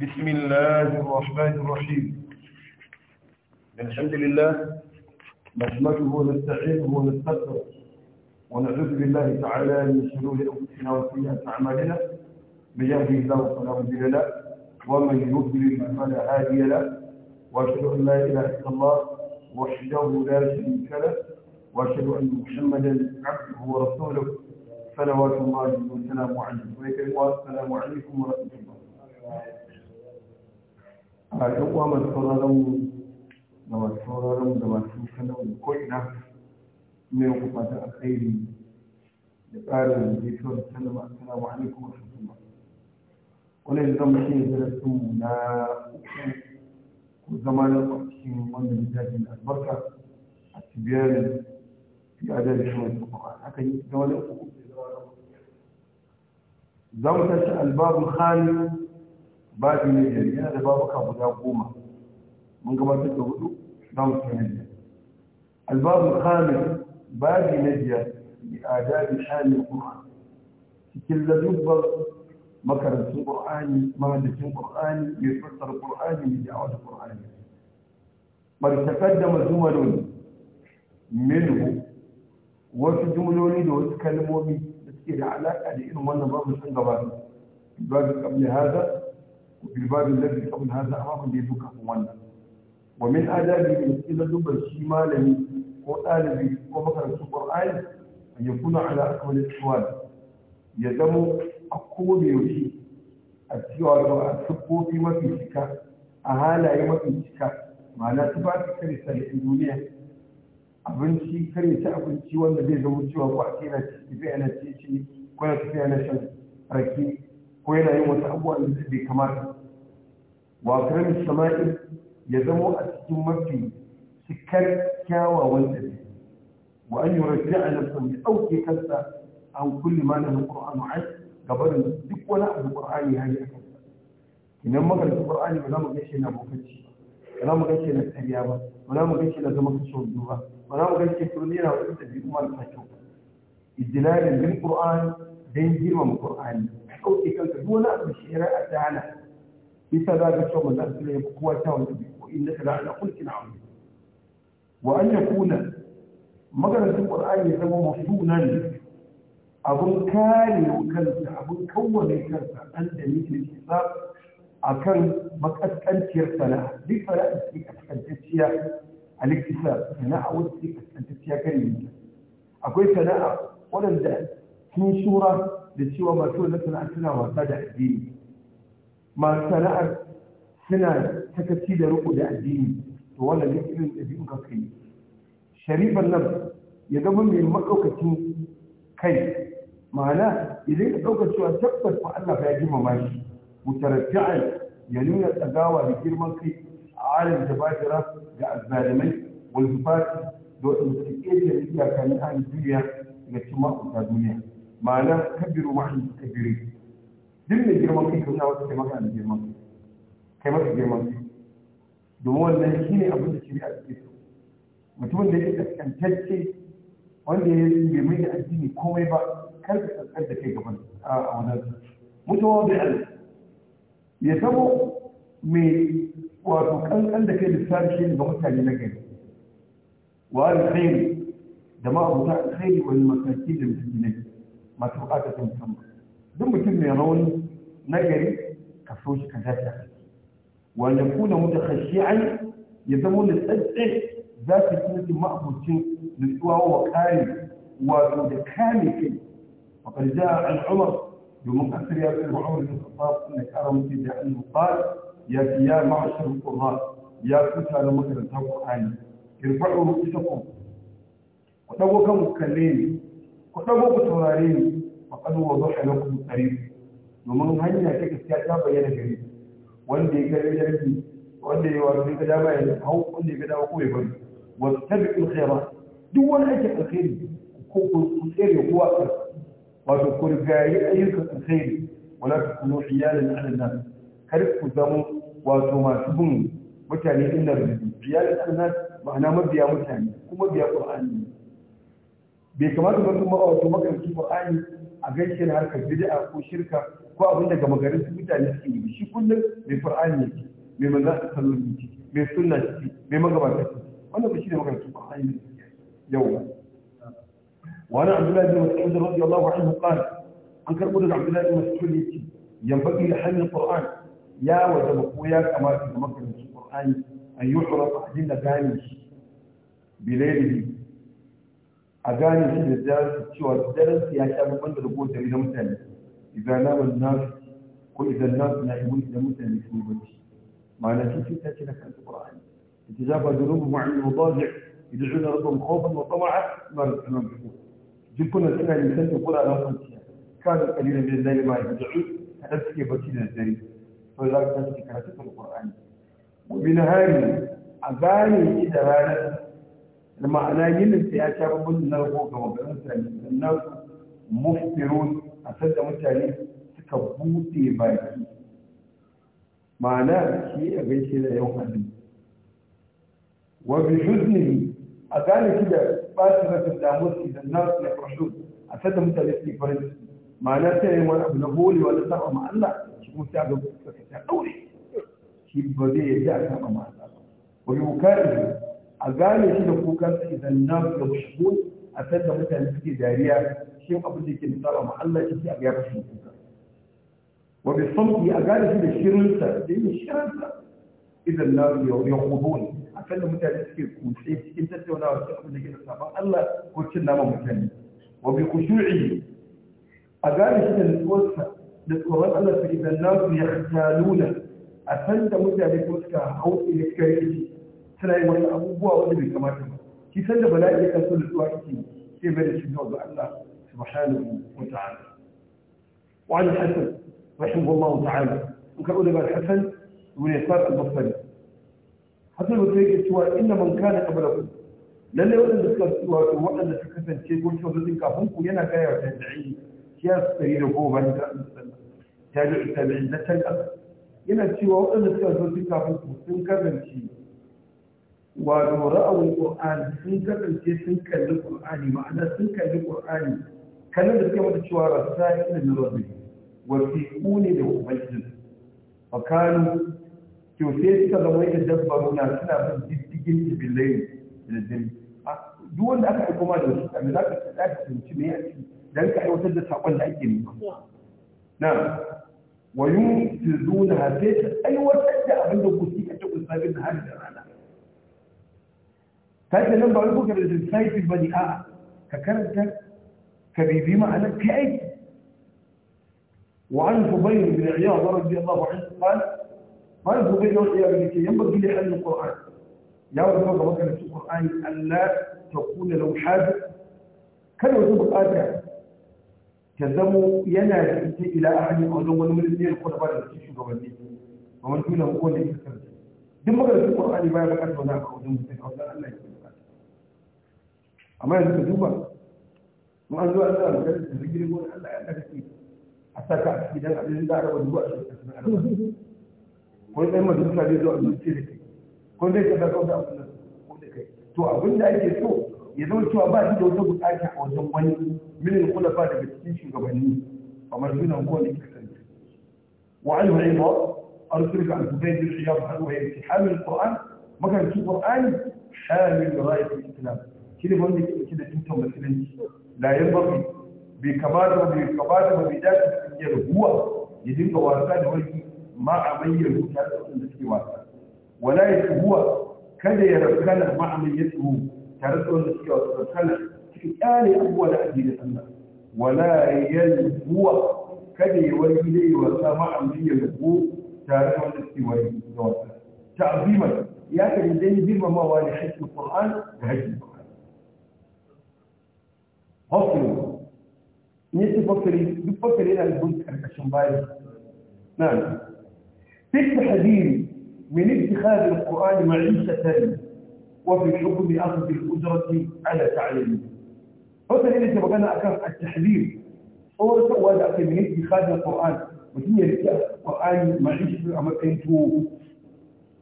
بسم الله الرحمن الرحيم الحمد لله نحمده ونستعينه ونستغفره ونعوذ بالله تعالى من شرور انفسنا وسيئات اعمالنا من يهده الله فلا مضل له ومن يضلل فلا هادي له واشهد ان لا اله الا الله وحده لا شريك له واشهد ان محمدا عبده ورسوله صلوات الله وسلامه عليه وعليكم السلام عليكم ورحمه الله a ɗan uwa masu sauraron da masu sauraron mu da masu kallon ko ina mai da tsarin gaisuwar sallama assalamu alaikum wa rahmatullah wannan yanzu zama shi ne darasin mu na uku ko zama na wanda wannan littafin da albarka a cibiyar fi adar shi mai tsofawa haka yi ta wani uku za mu tashi albabu khamis babi ne da yana da babuka guda goma mun gabatar da hudu za mu kai biyar albabul khamil babi na biyar bi adabi shamil qur'an cikin ladubbar makarantun qur'ani mahaddisin qur'ani mai fassara qur'ani mai da'awar qur'ani bar taqaddama zumalun minhu wasu jumloli da wasu kalmomi da suke da alaka da irin wannan babu sun gabata babu qabli hada بالباب الذي قبل هذا أمام دي دوكا وانا ومن آدابه إذا دبر شي مالي وآلبي ومكان آي أن يكون على أكمل الأحوال يدم أقوم يوشي السيوة أتفقه في ما في شكا أهالا ما في شكا معنى تبعت كرسة للدنيا abinci kare ta abinci wanda zai zama cewa ko a ce yana tafiya yana ce shi ko na tafiya ana shan rake ko yana yin wata abubuwan da bai kamata wa karam sama'i ya zamo a cikin mafi cikar kyawawan dabi'u wa an yurja'a nafsan ya dauke kansa an kulli mana lahu qur'anu an gabarin duk wani abu qur'ani ya yi a kansa idan muka da qur'ani ba za mu gaishe na bokaci ba za mu gaishe na tsariya ba ba za mu gaishe na zama kaso duba ba za mu gaishe turmi na wani dabi'u marasa kyau ba idilalin bil qur'an dan girmama qur'ani ka dauke kanka duk wani abu shi ra'a ta hana بسبب الشغل الأسئلة بقوتها وإنك لا على كل نعم وأن يكون مجرى القرآن يتوى مفتونا أبو الكاري وكلسة أبو الكون كلسة أنت مثل الكتاب أكل مكأس أنت يرسلا لفلا أسئك أسئك الاكتساب سناء وسيك أسئك كريم أقول سناء ولا ده في شورة لتشوى ما تقول لك أنا أسئك أسئك masu sana'ar suna sakaci da riko da addini to wannan duk irin ɗabi'un ka kai sharifan nan ya zama mai maɗaukacin kai ma'ana idan ka ɗaukar cewa tabbas ma Allah ya girmama shi mutarajja'an ya nuna tsagawa da girman kai a alim da bajira ga azzalimai walfifati da wadanda su ƙeje da iyaka na duniya daga cikin ma'auta duniya ma'ana kabiru ma'an kabiru duk mai girman kai kuma wasu kai maka da girman kai maka girman kai domin wannan shi ne abin da shari'a take so mutumin da yake kaskantacce wanda ya bai mai da addini komai ba kar ka kaskar da kai gaban a wajen mutuwa da al ya sabo mai wato kankan da kai lissafi shi ne ga mutane na gari wa alkhairi da ma abuta alkhairi wani masaki da mutum ne masu bukatar musamman duk mutum mai rauni na gari ka so shi ka dace wa ya kuna mutakhashi'an ya zama wani tsatsi za ka ci mutum ma'abucin nutsuwa wa kare wato da kame kai wa karja an umar domin asir ya kai umar da kafa na kara mutum da an nufar ya fi ya ma'ashar qur'an ya kuta da makarantar qur'ani irfa'u ru'usakum ku dago kan kalle ne ku dago ku taurare ne faƙar wa zuwa na kuma tsari domin hanya ta gaskiya ta bayyana gari wanda ya gari yarki wanda ya wani ga dama ya hau wanda ya ga dama ko ya bari wa tabi'ul khaira duk wani aikin alkhairi ko ku tsere ko a wato ku rigayi ayyukan alkhairi wala takunu hiyalan ala nas kar ku zama wato masu bin mutane inda rubi hiyalan ala nas ma'ana mabiya mutane kuma biya qur'ani bai kamata ba kuma a wato makarantun Qur'ani a gaishe harkar bid'a ko shirka ko abin da gama garin mutane suke yi shi kullum mai Qur'ani ne mai manzo da sallu ne mai sunna ne mai magabata ne wannan ba shi ne makarantun Qur'ani ne yau wa ana Abdullahi bin Mas'ud radiyallahu anhu qala an karbu da Abdullahi bin Mas'ud ne ce yanbaki li hamil Qur'an ya wajaba ko ya kamata ga makarantun Qur'ani an yuhra ta'dinda kamil bi laylihi a gane shi da daren cewa daren ya sha babban da rabo da na mutane idan namun nasu ko idan nasu na imun idan mutane sun bacci ma'ana shi ce ta ce na kan alƙur'ani ita za ba zuru mu ma'an mutazi idan na rabon kofan wa tsama'a ma da tsanan biyu jikunan suna nisan da wuraren kwanciya kada kalilin da zai ma da da'i kadan suke bacci da dare to za ka tashi karatu alƙur'ani wa bin hari a gane shi da ranar المعنى يلس يا شباب بل نرغو كما بأنسان الناس مفترون أسد مثالي سكبوتي باكي معنى كي أبيش إلى يوم حدي وبحزنه أقال كده باسرة الداموس إذا الناس يفرشون أسد مثالي سكبوتي باكي معنى تاني وانا بنقولي وانا سأقع مع الله شكو سعدو بسكتا قولي شيب بديه جاء سأقع مع الله ويوكاره a gane shi da kukan sa idan na da shigo a san da mutane suke dariya shi abin da ke misaba ma Allah shi ke a ga fashin kuka wa bi samti a gane shi da shirin sa da yin shirin sa idan na ya khudun a san da mutane suke kutse cikin tattaunawa shi abin da yake misaba Allah ko cin nama mutane wa bi khushu'i a gane shi da nutsuwarsa da tsoron Allah sai idan na ya khtaluna a san da mutane ko suka hau ilikar shi tana yin wasu abubuwa wanda bai kamata ba shi san da bala'i ya kaso da tsuwa yake sai mai da shi zuwa ga Allah subhanahu wa ta'ala wa an hasan rahimahullah ta'ala in karɓo daga hasan ibn yasar al-basri hasan ba sai cewa inna man kana qablakum lalle waɗanda suka wato waɗanda suka kasance ko suka zo kafin ku yana gaya wa tabi'i ya sai da ko ban da tabi'i tabi'i na tan yana cewa waɗanda suka zo kafin ku sun kasance wato ra'awun qur'ani sun kasance sun kalli qur'ani ma'ana sun kalli qur'ani kallon da suke mata cewa rasai ila nurbi wa fiqu ne da ubangiji fa kanu to sai suka zama da dabbaruna suna bin diddigin jibilai da dare duk wanda aka yi ma da wasu kamar za ka za ka tunci me a ciki dan ka aiwatar da sakon da ake nema na wa yun tizuna sai ta aiwatar da abin da ku suka ta kusa bin har da rana فاذا nan ba wai ko ka da scientist ba ne a'a ka karanta ka bibi ma'anar ka aiki وعن فضيل بن عياض رضي الله عنه قال قال فضيل بن عياض ينبغي لحل القرآن يا رب الله مثلا في القرآن ألا تكون لو حاجة كانوا يجب آتا تزموا ينال إلى أحد أعلم من الدين القرآن التي شو قبل ومن دونه يقول لي كذب دي في القرآن ما يبقى ولا نعم من الله amma yanzu ka duba mun an zo an zuwa da jirgin jirgin wani allah ya daga ce a saka a cikin dan abin da araba zuwa a cikin araba ko dai majalisa zai zo a zuci da kai ko dai ka da kauta abin da ko da kai to abin da ake so ya zama cewa ba shi da wata bukata a wajen wani minin kulafa daga cikin shugabanni kamar sunan ko ne kasance wa an yi ba أرسلك عن كتاب الحجاب عن وهي حامل القرآن ما كان في قرآن حامل راية الإسلام كده بقول لك ɗauki da tutar musulunci la yin bafi bai kamata ba bai kamata ba bai dace da kungiyar huwa ya dinga wasa da wani ma a bayyana rubuta da wanda suke wasa wala ya huwa kada ya rabkana ma a mai yatsu tare da wanda suke wasa rabkana cikin ƙyale abubuwa da addinin Allah wala ya huwa kada ya wani zai wasa ma a mai yatsu tare da wanda suke wani da wasa ta'aziman ya kan dai girmamawa ne hakkin Qur'an da hakkin Qur'an أصلي نيتي فكري دي فكري إلى البنت عشان باي نعم تلك حديث من اتخاذ القرآن معيشة وفي حكم أخذ الأجرة على تعليم فكر إلى تبقنا أكرم التحذير هو سؤال أكي من اتخاذ القرآن وهي رجاء القرآن معيشة الأمر أنت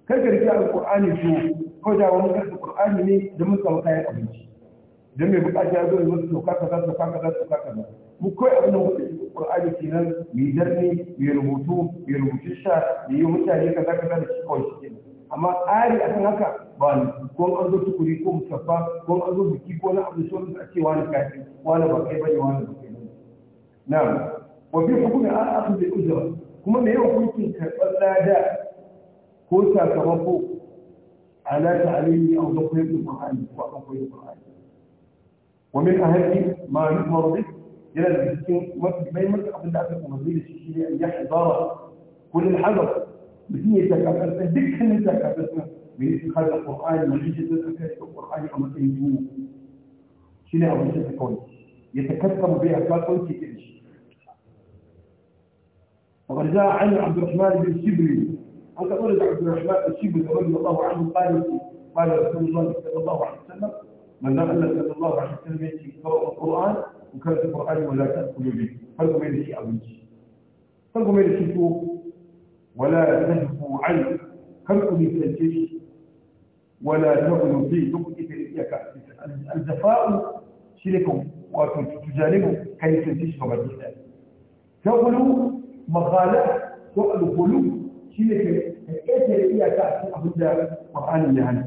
كيف رجاء القرآن يشوف كذا ومكرة القرآن من دمت القرآن أبنشي dan mai bukata ya zo ya zo sauka kaza sauka kaza sauka kaza mu koyi abin da muke yi Qur'ani kenan mai darni mai rubutu mai rubutu sha mai yi mutane kaza kaza da shi kawai shi kenan amma tsari akan haka ba ni ko an zo tukuri ko musaffa ko an zo biki ko na abu shi a ake wani kafi wani ba kai bane wani ba kai Na na'am wa bi hukumi an akhd bi ujra kuma me yau hukuncin karɓar lada ko sakamako ala ta'alimi aw da koyi Qur'ani ko akan koyi Qur'ani ومن أهم ما يؤمر به إلى البسكين ما يمكن الله أبدا مزيد الشيء أن يحضر كل الحذر بدين يتكافل فدك حين يتكافل من اتخاذ القرآن من يجد القرآن أما تنجوه شنو أبو جد الكون يتكثر بها فاقل كتير وقد جاء عن عبد الرحمن بن شبري أنت قلت عبد الرحمن بن شبري رضي الله عنه قال قال رسول الله صلى الله عليه وسلم من الله صلى الله عليه وسلم يقرأ القرآن وكان القرآن ولا تأكلوا به فرقوا بين شيء أبنتي فرقوا بين شيء ولا تهفوا عنه فرقوا بين تنتج ولا تغلوا فيه دقوا إذا الزفاء شركم وتجانبوا كي تنتج مبادئ تغلوا مغالاه تغلوا قلوب شركم كيف يأتي أبدا قرآن يعني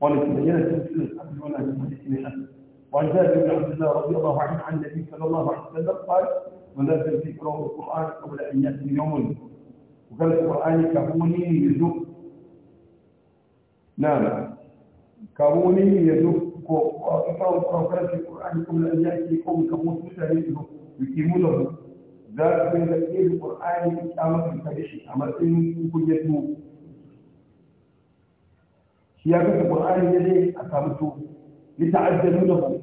قال تبينت سلسلة الحمل ولا تمسك لحمل وعن جابر بن عبد الله رضي الله عنه عن النبي صلى الله عليه وسلم قال ولا في له القرآن قبل أن يأتي يوم وقال القرآن كهوني يذوب نعم كهوني يذوب وقرأوا القرآن في القرآن قبل أن يأتي قوم كموت مثل يقيمونه ذلك من تأثير القرآن إقامة الفريش أمر إن كنت سياقه القران يدي اقامته لتعجلونه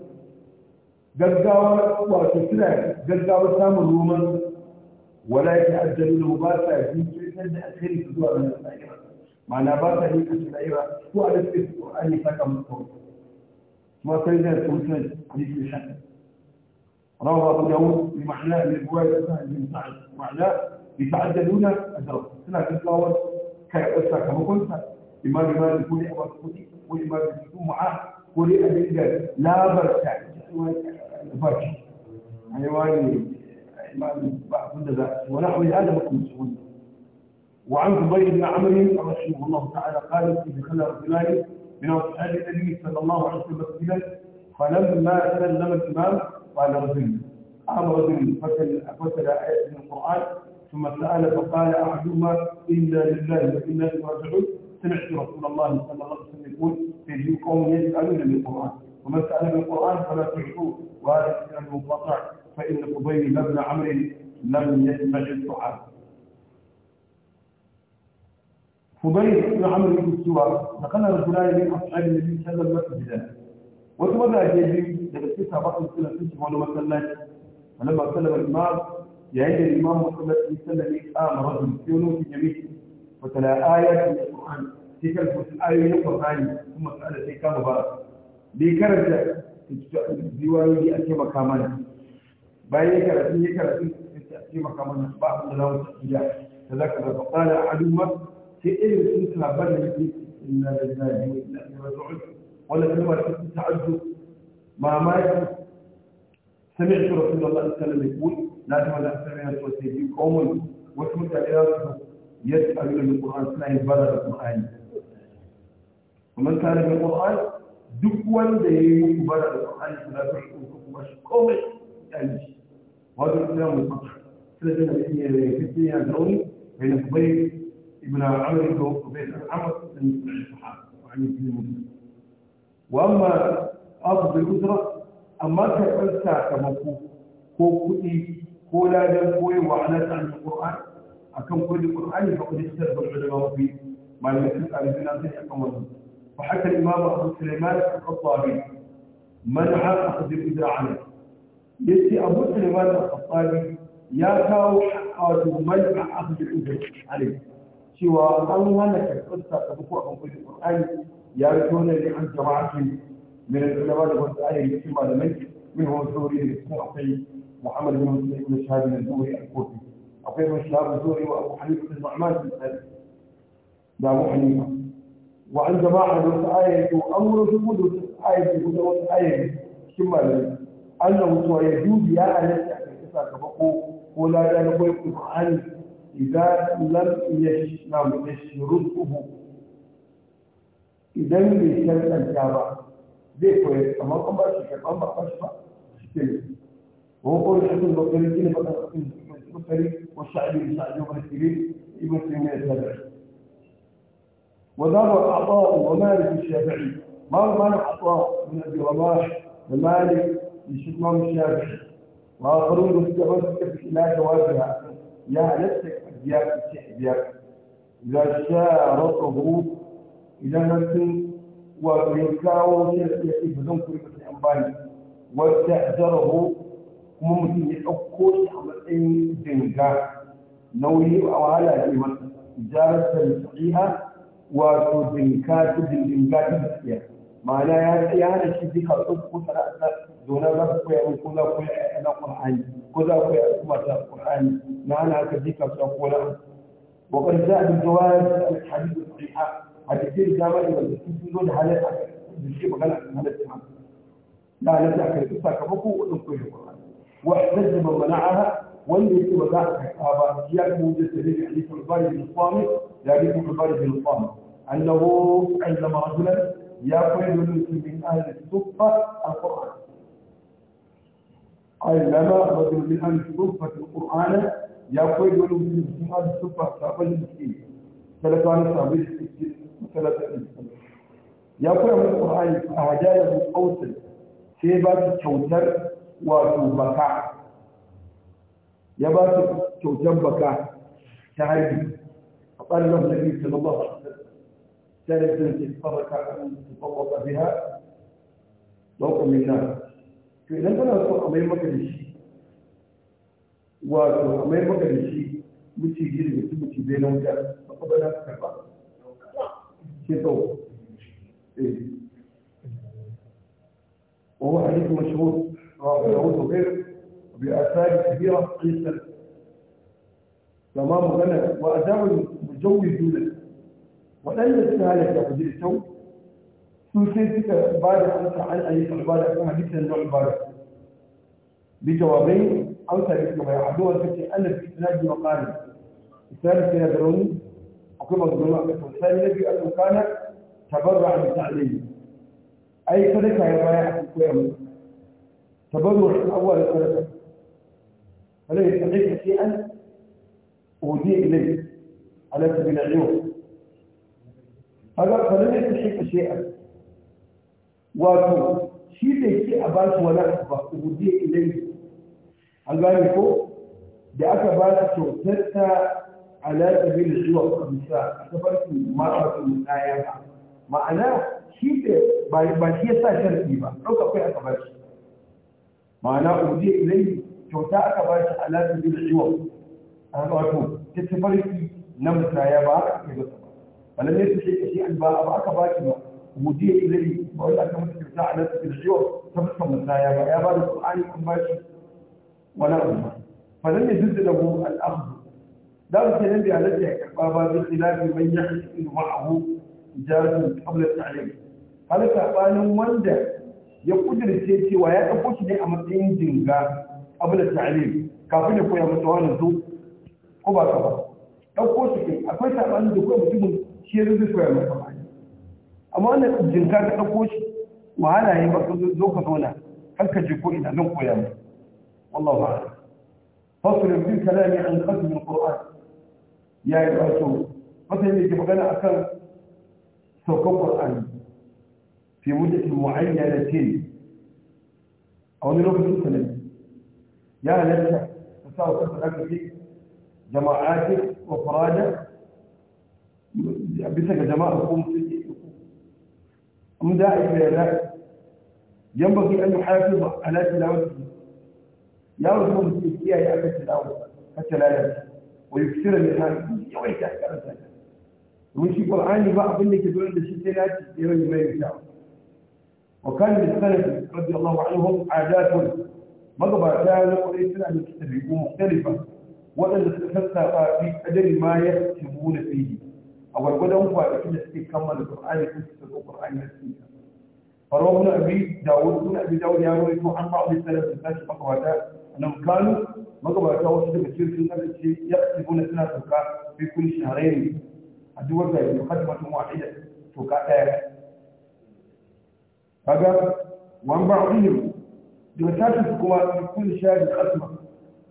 جدعوا وتسرع جدعوا ساموا روما ولا يتعجلونه باسا في سند اخر في من الاخره معنى باسا هي كسلايره هو على في القران فكم قول ما تريد ان تقول في شان روى ابو داود بمعناه من سهل بن سعد معناه يتعجلون اجره سنه الفلاور كاي اسره كما قلت imamu malik ko ne a wasu kuɗi ko imamu juma'a ko dai a dinga labarta baki wani ba za وعن قبيل بن عمرو رحمه الله تعالى قال دخل رجلان من اصحاب النبي صلى الله عليه وسلم مسجدا فلما سلم الامام قال رجل قام رجل فتل فتل ايه من القران ثم سال فقال احدهما انا لله وانا اليه راجعون سمعت رسول الله صلى الله عليه وسلم يقول في قوم يسألون بالقرآن ومن سأل بالقرآن فلا تعطوه وهذا الكلام المقطع فإن قبيل لابن عمرو لم يسمع السؤال فضيل بن عمرو بن السوار نقل رجلان من أصحاب النبي صلى الله عليه وسلم وتوضع جيبي لبسيتها بعض السنة في ولو مسلات فلما سلم الإمام يعيد الإمام وصلت في سلمي آم رجل في جميل fatala ayatul qur'an sai kar ku ayoyin qur'ani kuma sai sai kama ba bai karanta riwayoyi a taimaka mana bayan ya ya karatu a ba da za mu tafiya da za ka sai irin sun da inna da zaji wa inna da razu'ud wala kalma da sun ta'addu يسأل القرآن سنة يبرر القرآن ومن كان من القرآن دكوان ده يبرر القرآن فلا تحقوكم مشكومة يعني وهذا الإسلام الفتح سلسلة فتنية الدولي بين قبيل ابن عمر وبين العمر من الصحابة وعن الدين المسلم وأما أرض الأسرة أما كأنسى كمكو كو كوي وعلى عن القرآن أكم قد القرآن فقد اختار العلماء في ما لم يكن عن الدين فحتى الإمام أبو سليمان الخطابي منع أخذ الإذاعة يأتي أبو سليمان الخطابي يا كاو حقات منع أخذ الإذاعة عليه سوى الله لك القصة تبقى أبو قد القرآن يا اللي الله عن جماعة من العلماء والسعي يسمى لمن منهم سوري محمد بن مسلم بن شهاد بن الدوري الكوفي عقيم الشهاب الزوري وابو حنيفه النعمان بن ثابت لا ابو حنيفه وعندما حدث آية أمر في قدرة آية في قدرة آية شمال أنه سوى يجوز يا أهل الاستحقاق كبقوا ولا لا نقول القرآن إذا لم يش نعم يشرده إذا لم يشرد الجامع ليه كويس أما القمر شكل أما القشفة شكل وهو قول الحسن بقريتين فقط السكري والشعبي شعبي ومركبين يمثل من التابعين وذهب العطاء ومالك الشافعي ما مالك عطاء من ابي رباح ومالك لشمام الشافعي واخرون مستمسك لا جوازها يا نفسك ادياك استحدياك اذا شاء رطبه اذا نفسك ويكاو شيء يكفي بدون كلمه الانباني واستاجره kuma mutum ya ɗauko shi a matsayin dinga nauyi a wahala ne masa ta sa'i'a wato dinka ta dinga ta gaskiya ma'ana ya hada shi duka ko tara sara'ata zonar za ku koya ko za ku yi na Al-Qur'ani? ko za ku yi kuma ta qurani na ana haka duka ko na وقد جاء بالجواز الحديث الصحيحة حديثين جامعة والمسلمين دون حالات بالشيء وغلق من هذا واحتج من منعها واللي يكتب ذلك الصحابة يعني موجود في حديث الباري بن الصامت حديث الباري بن الصامت أنه عندما رجلا يا خير من أهل الصفة القرآن قال لما رجل من أهل الصفة القرآن يا خير من أهل الصفة الصحابة المسكين ثلاثة عن السكين ثلاثة عن يا خير من القرآن أعجاله أوسل سيبات كوثر wato baka ya ba su kyautar baka ta haihu a ɓallon da ke ta ba ta da sun ce su an tafafwa biya don kwamina to idan kana so a mai maka da shi wato a mai maka da shi muci gini da su muci zai nan ga a kuma na karba ke sau eh a wa hadith رواه داود وغيره بآثار كبيرة قيسا تمام غنى وأداء المجوزون وأن يستهلك أجرته سوسيتك بعد أنت عن أي عبادة كما جبت النوع عبادة بجوابين أو ثالثهما يعدوها فتي أن في إسناد وقال الثالث يا دروني وكما ظلماء مثل الثاني الذي أنه كان تبرع بتعليم أي صدقة يا بايع في كل تبرر في الأول الثلاثة فلا يستغيث شيئا أهدي إليه على سبيل العيون هذا فلا يستغيث شيئا وأتوب شيء ليسي أبالك ولا أحبه أهدي إليه هل قال لكم بأك بالك شرطتا على سبيل الجوع خمسة أتبرك مرة من آيات معناه شيء بل هي ساشر إيبا لو كفي أتبرك ma'ana uje ilai kyauta aka ba shi alaƙa bin ciwon an wato ta tafarki na musaya ba aka kai masa ba wani ne su shekka shi an ba aka ba shi ba uje ilai ba wanda aka mutu kyauta a alaƙa bin ciwon ta fuskar musaya ba ya ba da ƙwa'ani an ba shi wani abu ba falan ne duk da lagu al'abdu da mu sanin da alaƙa ya karɓa ba bi khilafi man ya haƙi ma'ahu jarin qabla ta'lim hal sabanin wanda ya kudirce cewa ya ɗauko shi ne a matsayin jinga abu da ta'alim kafin ya koya masa wani zo ko ba ka ba ɗauko shi ne akwai saɓanin da kuma mutumin shi ya zai koya masa ba amma wannan jinga ka ɗauko shi wahala ya ba zo ka zauna har ka je ko ina zan koya mu wallahu a'lam fasulun fi kalami an qasmi alquran ya yi wato mutane ne ke magana akan saukan qur'ani في مدة معينة أو نروح في السنة يا لك تساوي تخلق في جماعاتك وفرادك بسك جماعة في أم دائما لك ينبغي أن يحافظ على تلاوته يا رسول الله يا أبا التلاوة حتى لا يبكي ويكسر من هذا يويك أكثر من القرآن قرآني بقى أقول لك دول الشيء لا تستيرني ما يشاء وكان للسلف رضي الله عنهم عادات مغبتا نقول سنة ان تتبعه مختلفة وأن تتفلسف في أجل ما يكتبون فيه أو قد أنفع بكل شيء كما القرآن كنت القرآن نفسه فروى ابن أبي داود ابن أبي داود يروي يعني عن بعض السلف الناس مغبتا أنهم كانوا مغبتا وصلوا بسير في الناس يكتبون سنة في كل شهرين الدول خدمة يعني واحدة تكاء kaga wan ba'dihim daga sashen kuma kullu shahid asma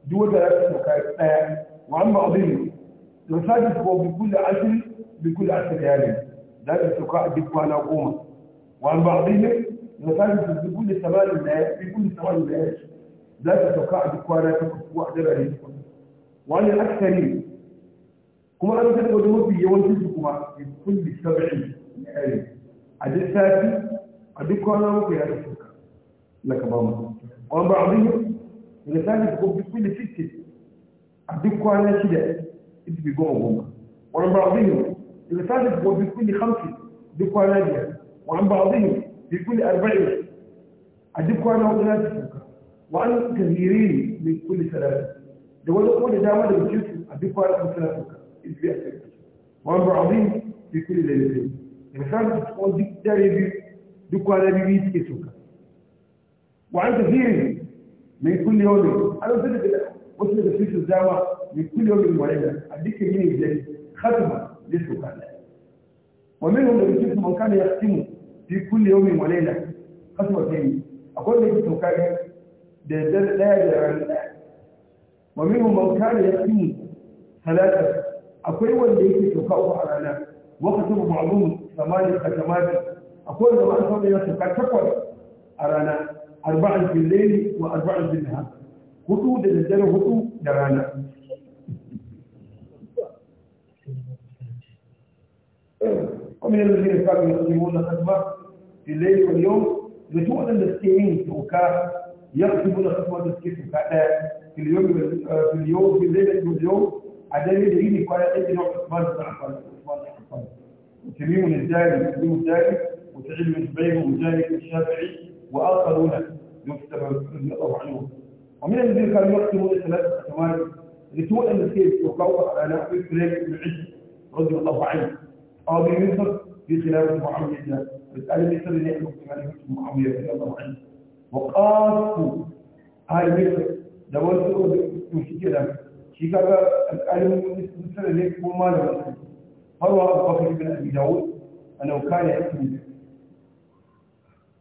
duk wanda ya tsaka daya wan ba'dihim daga sashen kuma bi kullu ashr bi kullu asr yani da ta tsaka duk kwana goma wan ba'dihim daga sashen bi kullu samanin da bi kullu samanin da za ta tsaka duk kwana ta kuwa da rayuwa wani aksarin kuma an taɓa da mafi yawancin su kuma bi kullu sab'in a duk sati a duk kwana muku ya da suka na ka ba mu wani ba abin yi da sani ko duk wani fiske a duk kwana shida ita bi goma goma wani ba abin yi da sani ko duk wani hamsin duk kwana biyar wani ba abin yi duk wani arba'in a duk kwana hudu na ta suka wani tahiri ne kulli salatu da wani kuma da dama daga cikin a duk kwana kuma suna suka ita bi a cikin wani ba abin yi duk wani lalifin da sani ko duk dare biyu duk kwana biyu suke suka wa an ne mai kulle yau an wasu daga wasu daga cikin dama mai kulle yau ne da, a dukkan yini da khatma da suka da wa min hum da cikin man kana yaqtimu fi kulli yawmin wa layla khatma tayi akwai da cikin kai da dare daya da ran daya wa min hum man ya yaqtimu talata akwai wanda yake sauka uku a rana wa khatma ma'lum samani khatmati أقول لما أصلي يصبح تقوى أرانا أربعا في الليل وأربعا في النهار هدو دلدل هدو درانا ومن الذين كانوا يقسمون الخدمة في الليل واليوم المسكين في توكا يقسمون الخدمة المسكين آه، في اليوم آه، في اليوم في الليل واليوم عدم يدعيني قال أجل عثمان الخدمة الخدمة عثمان بن عفان يسميهم الزاني يسميهم الزاني وسعيد بن جبير ومجاهد الشافعي واخرون نقف عنهم ومن الذين كانوا يكتبون ثلاثة ختمات لسوء المسكين وقوة على نحو الكلاب بن عز رضي الله عنه قاضي مصر في خلافة معاوية مسألة مصر اللي يحكم خلافة معاوية رضي الله عنه وقاسوا هاي مصر دولت يمشي كده شي كذا الأهل مصر اللي يحكموا مال مصر فروى أبو بكر بن أبي داود أنه كان يحكم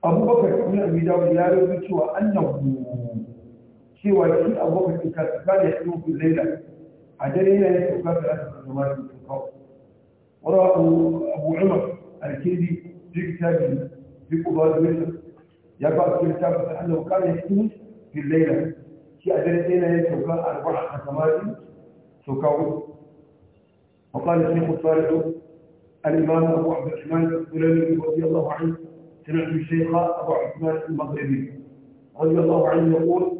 abubakar ibn abi dawud ya rubuta cewa annahu cewa shi abubakar ka ba da shi ku laila a dare yana yin sauka da aka zama da su kawo warawa abu umar alkindi fi kitabin fi quba dawud ya ba su kitabin sa annahu kana yaskumu fi laila shi a dare yana yin sauka arba'a a samari sauka uku وقال الشيخ الصالح الإمام أبو عبد الرحمن السلمي رضي الله عنه سمعت الشيخ أبو عثمان المغربي رضي الله عنه يقول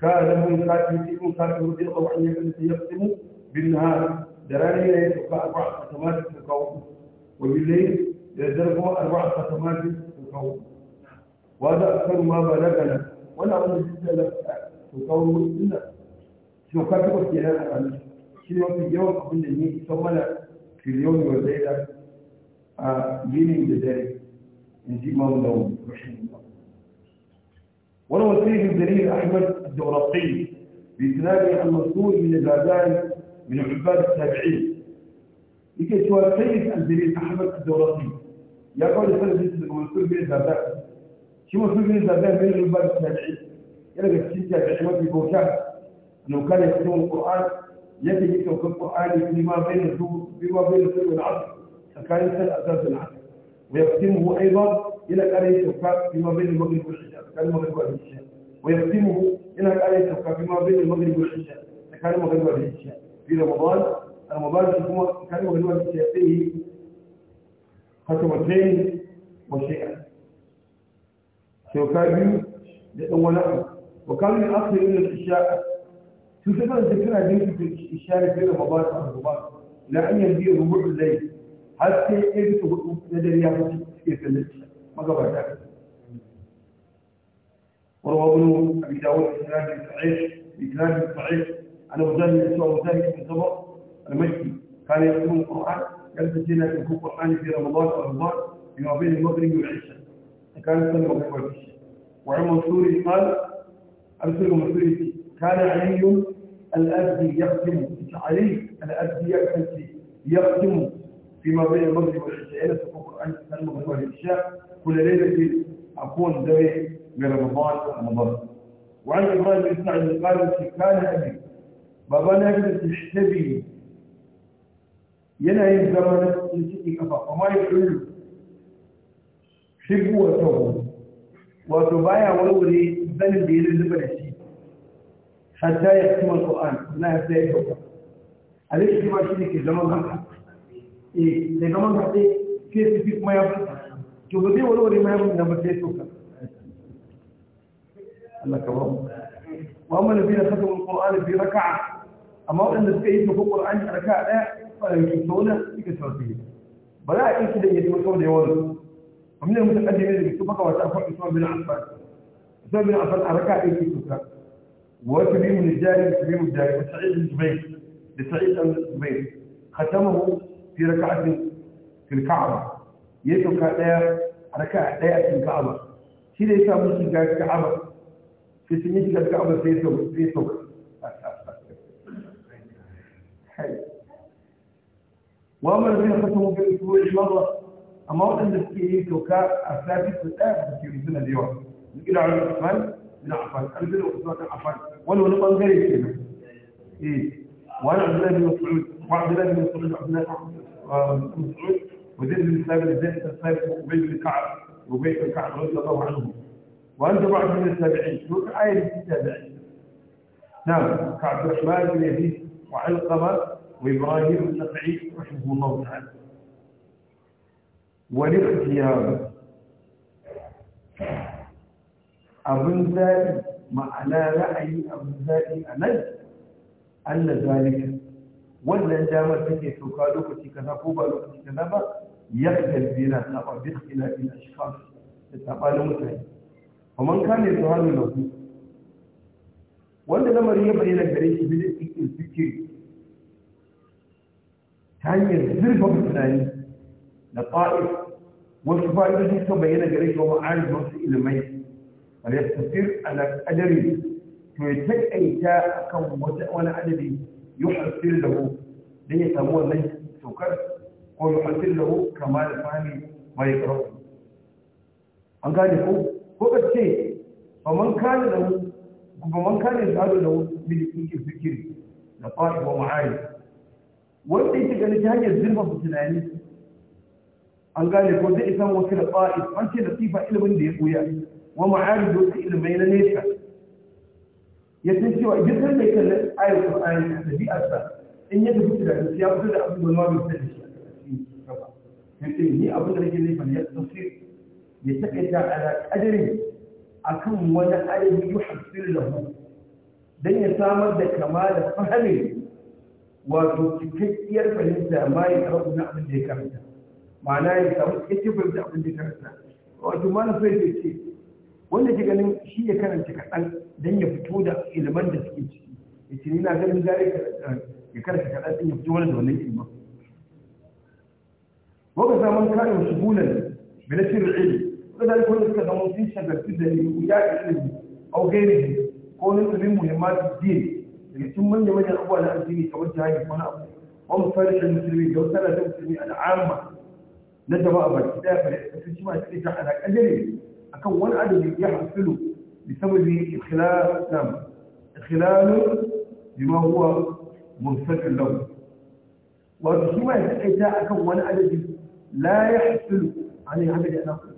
كان من كاتب كاتب رضي الله عنه الذي يقسم بالنهار دراني لا أربع قسمات في الكون وبالليل يدرك أربع قسمات في الكون وهذا أكثر ما بلغنا ولا أمر جدا في الكون إلا شنو كاتب السيارة أمس شنو في اليوم قبل أن يسمى في اليوم والليلة آه جيني بذلك نجيب دي داود رحمه الله ولو السيد الدليل أحمد الدورقي بإسناده المسؤول من البادان من عباد التابعين لكي السيد الدليل أحمد الدورقي يقول السيد المسؤول من البادان شو مسؤول من البادان من عباد التابعين يلقى السيد التابعين في بوشان أنه كان يقرأ القرآن يجب أن يكون القرآن فيما بين الظهر فيما بين الظهر والعصر فكان يسأل أساس العصر ويختمه أيضا إلى الآية التوفاق فيما بين المغرب والعشاء كان المغرب والعشاء ويختمه إلى الآية التوفاق فيما بين المغرب والعشاء كان المغرب والعشاء في رمضان رمضان هو كان المغرب والعشاء فيه ختمتين وشيئا سيكابيو لأولا وكان أصل من العشاء تسمى الذكرى بين العشاء في رمضان رمضان لا أن يهدي ربع الليل har sai ya bisa hudu na dare ya mutu suke sallar shi magabata وروى ابن ابي داود باسناد صحيح باسناد صحيح عن مجاهد يسوع مجاهد بن جبر المكي كان يقرأ القران يلبس لنا في القران في رمضان ورمضان بما بين المغرب والعشاء كان يصلي المغرب والعشاء وعمر السوري قال ارسل مسؤوليتي كان علي الازدي يقدم علي الازدي يقدم فيما بين المغرب والعشاء تفوق عن المغرب والعشاء كل ليلة أكون ذوي من رمضان رمضان وعن إبراهيم بن سعد قال كان أبي بابا نجد تشتبي ينهي الزمن في يسيء كفا وما يحل شبه وتوه وتبايع ولولي ذنب يلزم الشيء حتى يختم القرآن لا حتى يحفظه عليك ما شريك الزمن هكذا les gens ont dit que c'est plus moyen. Je veux dire, on aurait même une amitié tout ça. وأما الذين ختموا القرآن في ركعة أما أن الذين في القرآن ركعة لا فلا يكسرون في كسرته بلا يكسر إيه أن يتمكن يوارد ومن المتقدمين الذي يكتبك وتأفر إسلام بن عفان إسلام بن عفان ركعة يكسرك إيه وتبيم الجاري وتبيم الجاري وسعيد الزبير لسعيد الزبير ختمه في ركعة في الكعبة يدعو كأية ركعة أية في الكعبة شيء ليس من شجاع الكعبة في سنين الكعبة في سوق في سوق وأما الذين ختموا بالأسبوع مرة أما وأن السكين توكا أثابت الآن في سنة اليوم نقول على الأسفل من عفان أرجل وأسفل عفان ولو نبغى نغير كذا إيه وأنا عبد الله بن وعبد الله بن مسعود وعبد الله بن مسعود وزيد بن ثابت زيد بن ثابت وابي بن كعب وبيت بن كعب رضي الله عنهم وانت واحد من التابعين شوف آية التابعين نعم كعب الرحمن بن يزيد وعلقمة وإبراهيم بن سعيد رحمه الله تعالى والاختيار أبن ذلك معنى رأي أبن ذلك أمد أن ذلك wannan damar take sauka lokaci kaza ko ba lokaci kaza ba ya kalbi na saba bi khilafi ashkhas da sabanin mutane kuma kan ne su hannu na lahu wanda lamari ya bayyana gare shi bi cikin fikir ta hanyar zurfa tunani da ta'if wasu fa'idoji sun bayyana gare shi wa ma'arif wasu ilmai wal yastasir ala qadari to ya taƙaita akan wani adadi يحصل له ليس هو ليس سكر هو يحصل له كمال فاني ما يقرأ أن قال له هو قد شيء فمن كان له فمن كان يزال له من يكون الفكر لقاش ومعاي وانت يتقى لجهن يزرب بسناني أن قال له ذي إسان وكل قائد فانت لطيفة إلى من دي قويا ومعاي ذو إلى من ينشأ ya san cewa duk kan da kallon ayar Qur'ani da bi'arsa in ya tafi da shi ya fito da abin da wani bai da shi a cikin sai ni abin da nake nufi ne tafsir ya takaita ala qadari akan wani ayar yuhassir lahu dan ya samar da kama da fahimi wato cikakkiyar fahimta ma ya karɓi na abin da ya karanta ma'ana ya samu cikakkiyar fahimta abin da ya karanta wato mana sai ce wanda ke ganin shi ya karanta kaɗan don ya fito da ilimin da suke ciki ya ce na ganin zare ya karanta kaɗan don ya fito wani da wannan ilimin waka zaman kayan shugulan bilasir ilmi wadda da kuma suka zama sun shagartu da ilimi ya ga ilimi au gairi ko wani ilimin muhimman din daga cikin manya manya abuwa na addini kamar jihadi ko na abu wa misali da musulmi da wata da musulmi al'amma na jama'a ba baki daya fara da ita shi ne ta alaƙa ala kadari akan wani adu ne ya hasilu da samun ikhilalun jimahuwa musamman lau wato shi ma ya taƙaita a kan wani adadi la ya hasilu a ne haɗe da ɗan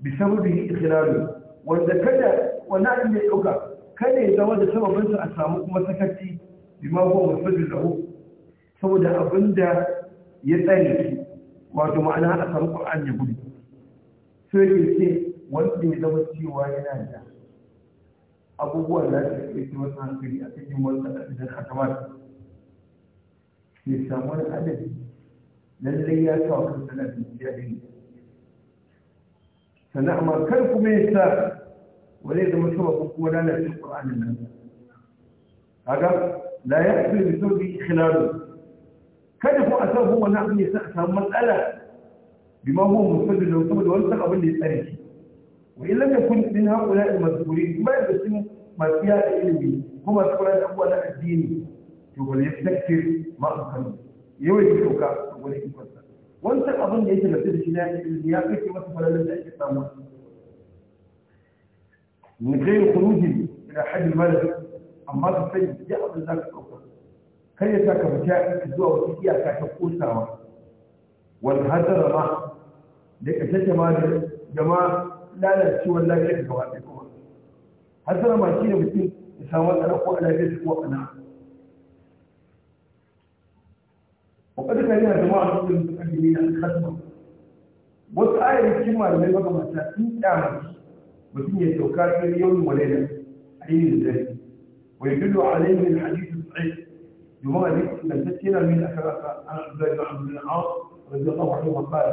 bi samun ikhilalun wanda kada wani adu ne ɗauka kada ya zama da sababinsa a samu kuma sakarci jimahuwa musamman lau saboda abin da ya tsaye wato ma'ana a samu ƙwa'an ya gudu sai ke ce wanda ya zama cewa yana da abubuwan da su ke ce wasu hankali a cikin wasu ɗan hakamar ya samu wani adadi lallai ya sa wa kansa na binciya ɗin sannan amma kar kuma ya sa wani zama sababin kuma lalacin ƙur'anin nan kaga la ya fi bi sau bi ikhlalu kada ku a sabu wani abu ne sa a samu matsala bima huwa musaddu da wani abin da ya tsare shi wa in lam yakun min haula al kuma da sun masu yada ilimi kuma su kula da abubuwa na addini to wal yastakthir ma akan yawan yi doka to wani ikon sa wancan abin da yake ya kai masa da ake samu من غير خروج الى حد الملك amma ka sani duk abin za ka ɗauka kar ya sa ka fita ka zuwa wata iyaka ta kosawa wal hadara ma ka lalacewar lafiyar da gaba ɗaya kuma hasara ma shi ne mutum ya samu matsala ko a lafiyar ko a na wakar ka yana zama a cikin suka jini na kasma wasu ayar cikin malamai baka mata sun kyamata mutum ya sauka cikin yau walaila a yi da zai wai dudu a laimin hadisun tsaye يوم ذلك لم تسير من أكبر عن عبد الله بن عبد العاص رضي الله عنه قال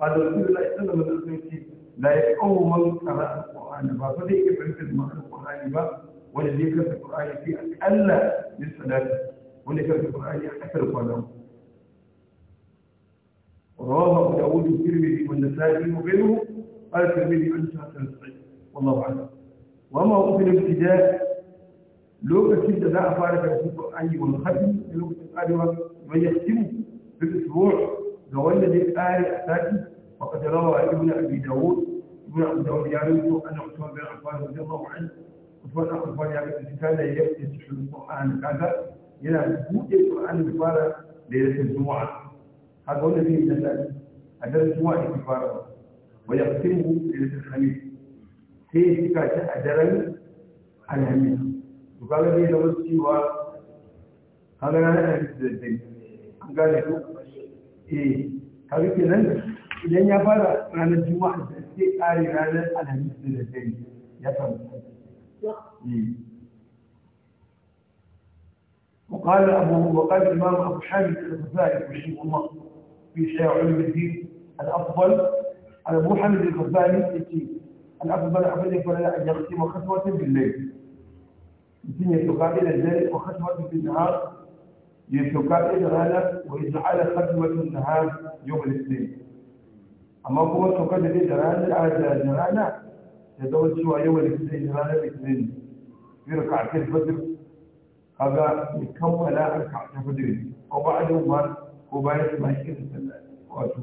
قال رسول الله صلى الله عليه وسلم لا يفقه من قرأ القرآن فقد يفرق المعنى القرآن با والذي يكرر القرآن في أقل للصلاة والذي يكرر القرآن أكثر قدم رواه أبو داود الترمذي والنسائي وغيره قال الترمذي أن شاء صحيح والله أعلم وما هو في الابتداء لوكاشين da za a fara karatun Qur'ani wal khatmi lokacin arewa mai yahtimu bil usbu' ga wanda وقد روى ابن أبي داود ابن أبي داود يعرف يعني أن عثمان بن عفان رضي الله عنه عثمان بن عفان يعرف أن كان يفتتح القرآن كذا إلى بوجه القرآن بفارة ليلة الجمعة هذا هو الذي يتسأل هذا الجمعة بفارة ويختمه ليلة الخميس في كاتا على الهميس وقال لي لو سوى هذا أنا أعرف الدين قال له إيه هذه لن كذا idan ya fara ranar juma'a da sai kare ranar alhamis da daddare ya samu وقال أبو وقال الإمام أبو حامد الغزالي رحمه الله في شيع علم الدين الأفضل على أبو حامد الغزالي يأتي الأفضل أفضل فلا أن يختم خطوة بالليل يمكن يتقابل الليل وخطوة بالنهار يتقابل وإذا على خطوة النهار يوم الاثنين amma kuma saukar da zai da rana a da rana ya zama cewa yau da zai da rana da kusa ne zai ka ake fadir kaga ya ka ta fadir ko ba a ba ko ba shi da sallah wato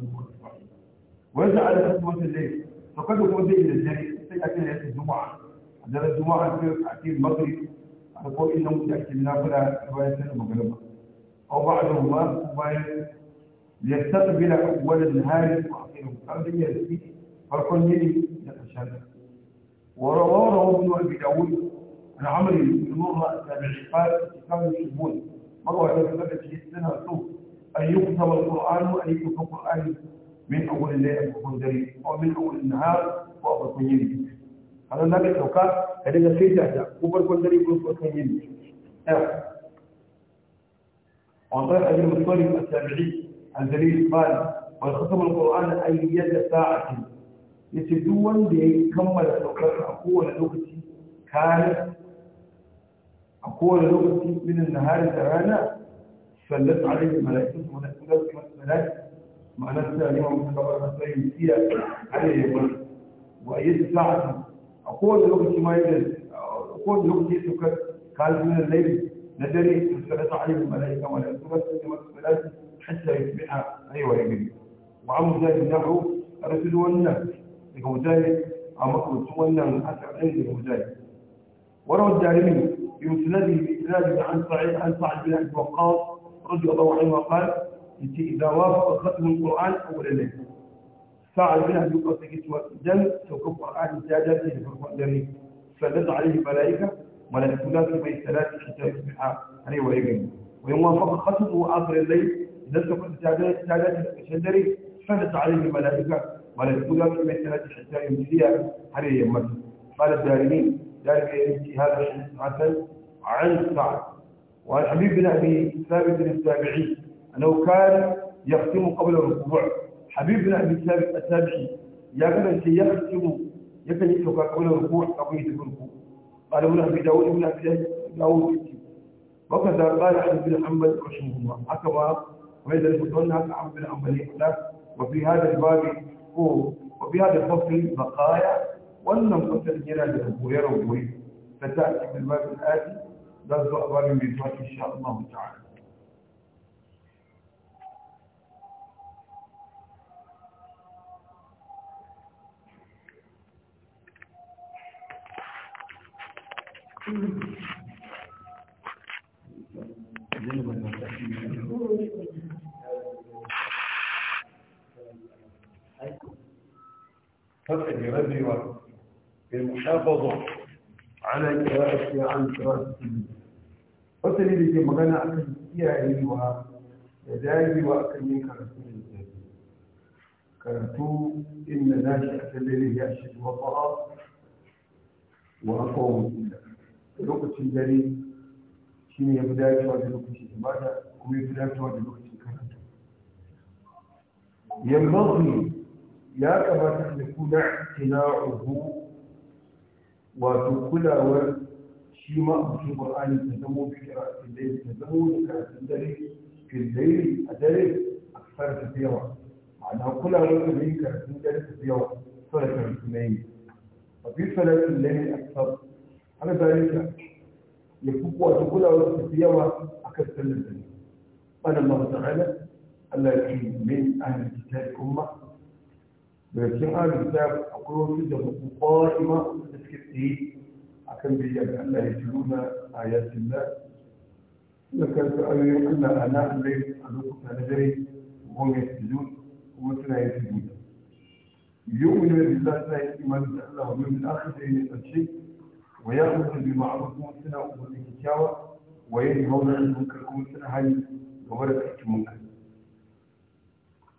wani da ala kasu wata zai da kuma zai da sai a juma'a ka ake a ko inda mutu ake nafura bayan ko ba a ba ko bayan ليستقبل أول النهار وأخيره قبل يرسي فكل يلي يتشهد ورواه ابن أبي داود عن عمر بن مرة التابعي قال كانوا يحبون مرة ثبت في السنة سوء أن يكتب القرآن وأن يكتب القرآن من أول الليل وكندري أو من أول النهار وأبو كنيري هذا النبي لو هذا الشيء تحت كبر كندري وأبو كنيري وعن طريق أبي المطلب التابعي الدليل قال والختم القرآن اي يد ساعة يتدون بكمل سوكر أقوى لوكتي كان أقوى لوكتي من النهار ترانا فلت عليه الملائكه ونسلت ملائكة معناتها اليوم خبر أسرائيل فيها عليه يقول وايد ساعة أقوى لوكتي ما يجلس أقوى لوكتي سوكر قال من الليل ندري فلت عليه الملائكة ونسلت ملائكة حتى يصبح آه، أيوة يجب وعمر ذلك نحو الرسل والناس هو ذلك أمر سوينا من أثر عند ذلك وروى الدارمي بمسنده بإسناد عن سعيد عن سعد بن أبي وقاص رضي الله عنه قال أنت إذا وافق ختم القرآن أول الليل سعد بن أبي وقاص قسوة الدم سوف القرآن زاد في القرآن فلد عليه ملائكة ملائكة في بيت ثلاث حتى يصبح عليه ويقيم ويوم وافق ختمه آخر الليل إذا سقط سادات الشجري فلت عليه الملائكة ملائكة من يمثلت حتى يمسيها حريه يمس قال الدارمين ذلك يمشي هذا الحديث حسن عن سعد وعن حبيب بن أبي ثابت التابعي أنه كان يختم قبل الركوع حبيب بن أبي ثابت التابعي يكن يختم يكن يتوقع قبل الركوع قبل الركوع قال ابن أبي داود ابن أبي داود وكذا قال حبيب بن حنبل رحمه الله حكى وهذا المدونة عن بن أنبل وفي هذا الباب هو وفي هذا الفصل بقايا ولم تصل إلى الهوير وهوير فتأتي في الباب الآتي درس أخبار من إن شاء الله تعالى Thank you. فتح جراد ديوان المحافظة على قراءة عن كراسي قراءة قلت لي في مغانا أكل أيها وزاجي وأكل من كرسول الزاجي كرتو إن ناشئة الليل هي أشد وطأ وأقوم بالله لوقت الجليل شيني يبدأ يتواجه لوقت الشباب ويبدأ يتواجه لوقت الكرسول ينبغي يا كما تحن كل اعتناعه وتكل شيء ما في القرآن تزمو بكرة في الليل تزمو بكرة في الليل في الليل أدري أكثر في الديوة معنى كل أغلق الليل كرة في الليل في الديوة صلاة الاثنين وفي صلاة الليل أكثر على ذلك يفقوا تقول أو تسيوا أكثر من ذلك وأنا الله تعالى الذي من أهل الكتاب أمة لكن هذا الكتاب أقوله في جمع قائمة تسكتي عكم بي أن لا آيات الله لكن تأمي أن أنا أمي أدوك تنجري وهم يسجدون ومثلا يسجدون يؤمن بالله لا يؤمن ومن من الآخرين الشيء ويأمر بمعروف موسنا وبالإكتاوة وينهون عن المنكر كموسنا هاي وبركة المنكر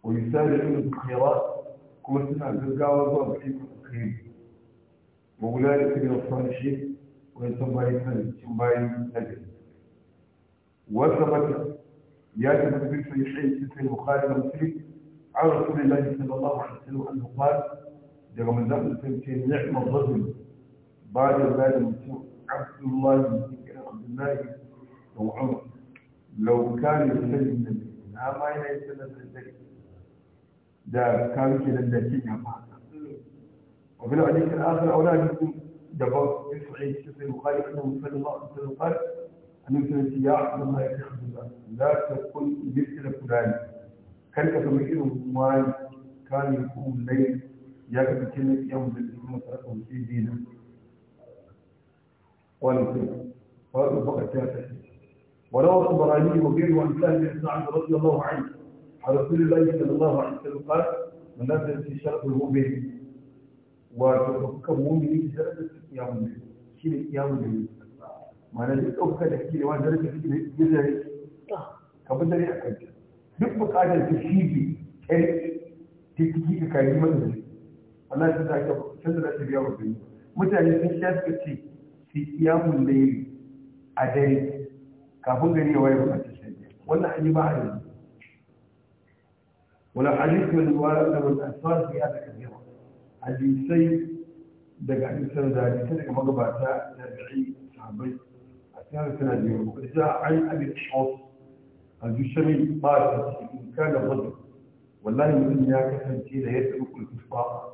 ويسارعون الخيرات كورسنا جزاوة في تقريب وغلالي كبير الصالحي وإنسان باي فن وإنسان باي نجد وثبت ياتي مدبير في يحيي سنتين مخالفة مصيب على رسول الله صلى الله عليه وسلم أنه قال جرم الزم سنتين نعم الظلم بعد الله المسوء عبد الله المسيك أنا عبد الله لو عمر لو كان يسلم النبي ما ما يسلم الزكي da kawo ke nan da cin yamma haka wa bil hadith al akhir awla bikum da ba fi sahih sai bukhari annahu sallallahu alaihi wasallam qala annahu sallallahu ya abdullah ya khudda la takun bisra fulani kar ka kamar irin wani kan yakum lay ya ka cikin yawm da kuma sarrafa shi dina wani sai wa ba ka ta ولو الطبراني وغيره عن سهل بن سعد رضي الله عنه رسول الله صلى الله عليه وسلم قال من نزل في شرق المؤمن وتفك مؤمن في شرق الاستقيام منه شيء الاستقيام منه ما نزل اوكا لكي لو ان درجه في جزر كابتن لي اكلت دك بقاعد تشيبي كي تيجي كاين من انا جيت اكل شنو راه تبيع وفي متعلم في الشاب كتشي في قيام الليل ادري كابتن لي وين ما تشيبي ولا حيبعد حديث من الوالد والأسفار في هذا كثيرا حديثي دقا عندي سنة حديثي دقا مقباتا تابعي صحابي أثناء سنة ديوم وإذا عن أبي الأشعص عندي شمي بارك إن كان الرجل والله من يا كثن تيلا يترك الكفار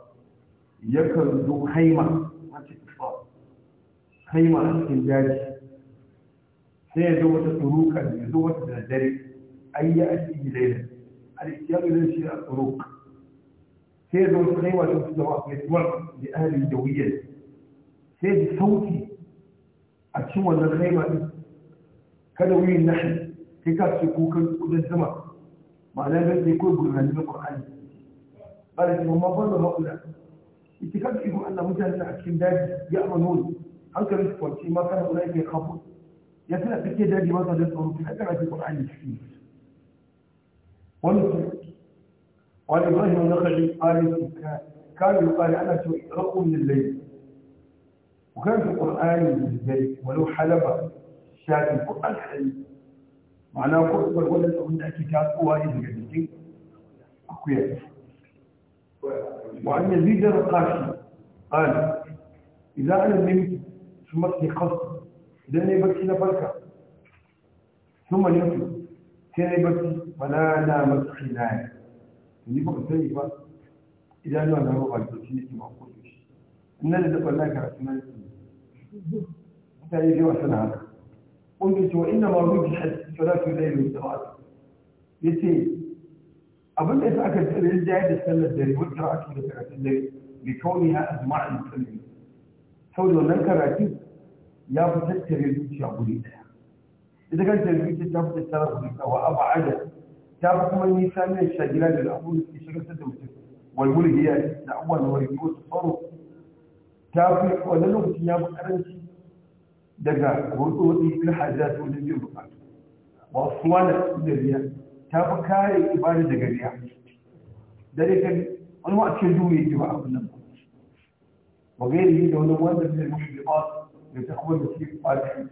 يكر ذو خيمة ما تكفار خيمة استنجاج سيزوة تروكا يزوة الدري أي أتي ليلة الاختيار ليس الخروج سيد الخيوة للوعب لأهل الجوية سيد الصوتي أتشوى أن الخيوة كانوا من النحل في كاس يكون كل الزمن ما لا بد يكون بالغنى القرآن قال إذا ما ظل هؤلاء اتكاد يقول أن مجهد الحكيم داد يأمنون هل كان يسفر ما كان هؤلاء يخافون يسنع في كيدادي ما كان يسفر في حتى ما يقول عن الحكيم ومثل قال إبراهيم النخعي قال كان يقال أنا أغرق من الليل وكان في القرآن بالذلك ولو حلب الشاهد القرآن حلب معناه قلت قرآن ولا تكون كتاب واجد جديد أقوياء وعن يزيد الرقاشي قال إذا أنا نمت ثم استيقظت قصر أنا بكي نبركة ثم نمت كان يبكي فنادى مسحناي ni ba sani ba idanuwa na ba baki shi ne ke ba ko shi in nan da wallahi karatu na yi mutane da wasu na haka wanda ce wa inna ma rubi hajji salatu laili da wa'atu yace abin da yasa aka tsare da da sallar dare wata ra'atu da karatun dare bi kauniha azma'an muslimin saboda wannan karatu ya fi tattare zuciya guri daya ita kan zuciya ta fi tattara guri daya wa aba'ada تاخذ من نيسان الشجلان الأول في شكل ستة وستة والولي هي الأول هو يجوز الصورة تاخذ ولا لغة نياب قرنسي دقا هدوء دي كل حاجات ونجي بقات وأصوانة دريا تاخذ كاري إبارة دقريا ذلك أنواع تشدوه يجوا أبنى وغير يجي لو نوانا من المحبقات لتخوى المسيح قادحي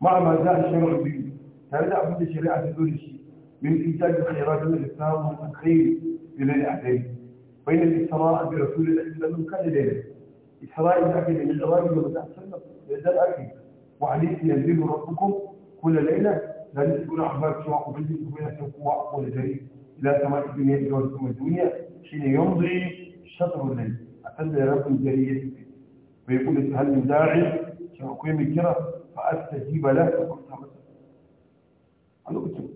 مع ما زال الشرع بيه تبدأ بدأ شريعة الدولي من إيجاد خيرات الخيرات والإسلام والخير بين أحدهم فإن الإسراء برسول الله صلى الله عليه وسلم كان ليلة إسراء الأكل من إلى العراج والتحسن لدى الأكل وعليه ينزل ربكم كل ليلة لا تكون أحباب سواء قبلت وبين سوقوا أقوال جريء إلى سماء الدنيا ولكم الدنيا حين يمضي شطر الليل أتدى رب الجرية ويقول هل من داعي سأقيم الكرة فأستجيب له وقلت مثلا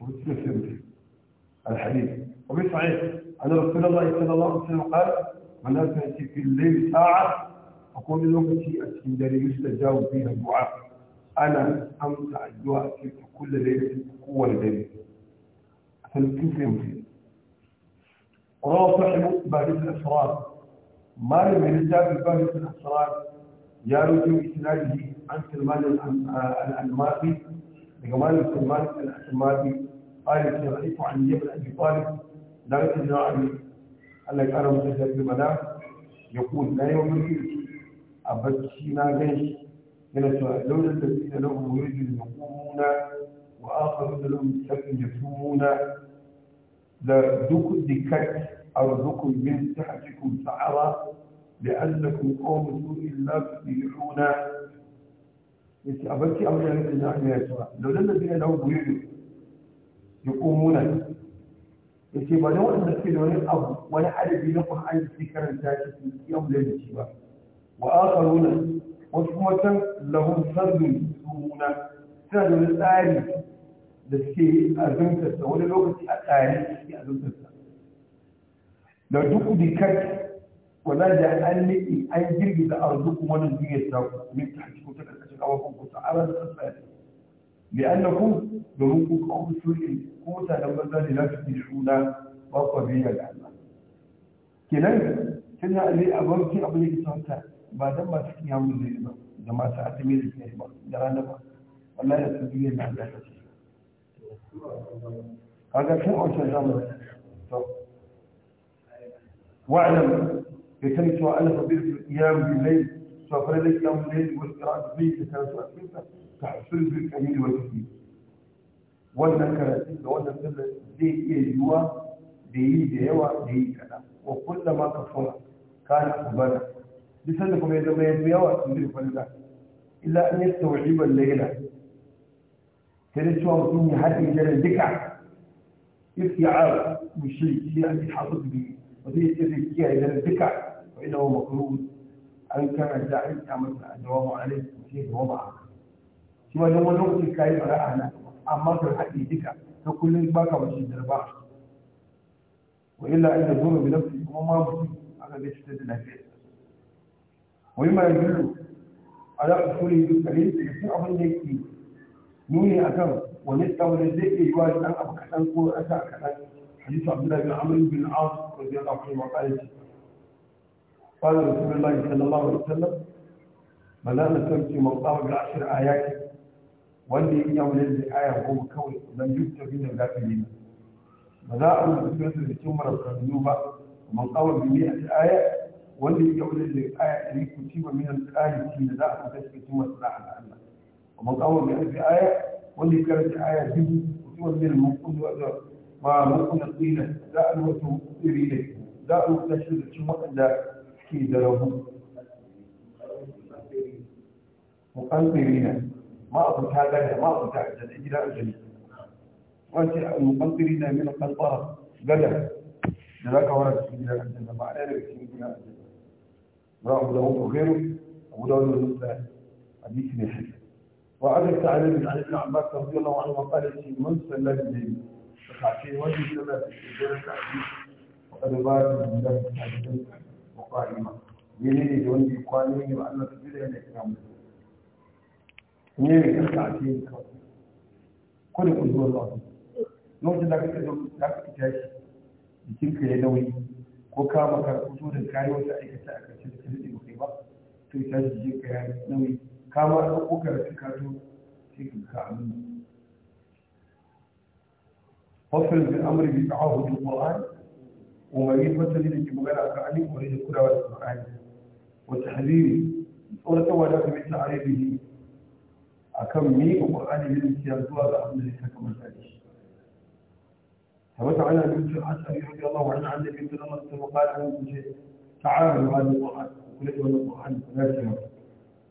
وبتصير الحديث وفي صحيح أن رسول الله صلى الله عليه وسلم قال من أسمع في الليل ساعة أقول لهم في أسكندرية يستجاب فيها الدعاء أنا أمتع الدعاء في كل ليلة قوة لدي فلكن سمتي وروى صاحب باب الأسرار ما لم يرجع في باب الأسرار رجل إسناده عن سلمان الأنماطي لجمال سلمان الأنماطي قال يرأيك عن يبن أبي طالب لا سيدنا علي قال لك أنا مسجد بمنام يقول لا يوم الدين أبكينا ليش هنا لولا الذين لهم وجد يقومون وآخرون لهم سكن يفهمون لدك دكت أرزقكم من تحتكم سعرا لأنكم قوم سوء لا تفلحون أنت أبكي أمر يا لولا الذين لهم وجد ya komo na ya ce ba da waɗanda suke da wani abu wani adabi na kuma an yi karanta shi su yi abu da ci ba wa akaruna wasu kuma can lahun sardun suna suna da wani tsari da suke azumtarsa wani lokaci a tsari da suke azumtarsa da duk dikat wala da an niɗi an girgiza arzuku wani zuriyar ta ku ne ta haƙi ko ta ƙarƙashin ƙawafin ku ta aran da tsari لأنكم بموكم قوم سوريين قوتا لما زال نفس الشونا وطبيعي العمال كنان كنا اللي أبوكي أبوكي سوتا ما دم تكني عمو الزيبا لما سعت ميل الزيبا جرانا با والله يتبقي لنا عمال هذا شو أعطى جامعة واعلم يتم سؤال خبير في القيام بالليل سوف يوم الليل والقراءة بالليل كانت سؤال تحصيل الكامل والكثير وانا كراتين وانا كلا دي يوا دي ايه يوا دي إيه إيه، إيه وكل ما كفر كان كبانا لسانكم يدو ما يدو يوا إلا أن يستوعب الليلة تريتوا مني هذه جل الدكع استيعاب مشي هي أن تحصل به وهي تريتيا إلى الدكع وإنه مقروض أن كان الداعي كما أدوام عليه وشيء وضعه shi wajen wani lokaci ka yi bara a nan amma ka haɗe duka ta kullum ba ka mace jarba wa illa inda zuwa bi nafsi kuma ma mutum aka ga cutar da lafiya wa yi mara gillu ala usuli duk kare da cikin abin da yake nuni akan wani tsawon zai iya yi wa dan abu kaɗan ko rasa kaɗan hadisu abdullahi bin amr bin as radiyallahu anhu wa qala قال رسول الله صلى الله عليه وسلم بلانا تمشي من قام بعشر آيات wanda ya iya wajen da aya goma kawai don yutta bin da zafi ne ba za a rubuta sunansa da cin marar kanu ba kuma kawai bi ne a aya wanda ya iya wajen da aya ɗari ku ci ba minan ƙarfi da za a rubuta shi cikin masu na'an Allah kuma kawai bi alfi aya wanda ya karanta aya dubu ku ci ba minan mukun zuwa zuwa ma mukun tsira za a rubuta tsiri ne za a rubuta shi da cin waɗanda ke da rabu mukan tsiri ne ما أظن هذا ما أظن هذا إلى أجل وأنت المقنطرين من القنطرة بدا ذلك ورد في إلى أجل معناه في إلى أجل رأى له وغيره أبو داود المسلم حديث من حديث وعن التعليم عن ابن عباس رضي الله عنه قال في من صلى الليل فكعشي وجه صلى في التعليم وقد بارك من الله وقائما يلي يجوني قائمين وأن تبير إلى إكرامه ne karka a cikin kawai ko da kuzuwa zuwa lokacin da kake da kake tashi jikinka ya nauyi ko ka maka kuzo da kayi wata aikata a karshe da ta rike kai ba to ya tashi jikinka ya nauyi ka ma ɗauko karatu ka zo sai ka ka amini fasil bin amri bi ta'ahu bil qur'an umayyi fasali da ke magana akan alim ko da kulawa da qur'ani wa tahdhiri tsoratarwa da kuma ta'arifi akan me ko qur'ani ne ke zuwa ga abin da ya kamata ne sabata ana bin shi asari radiyallahu anhu an da bin Allah ta faɗa mun ce ta'ala wa hadu qur'an kullu wa na ce mu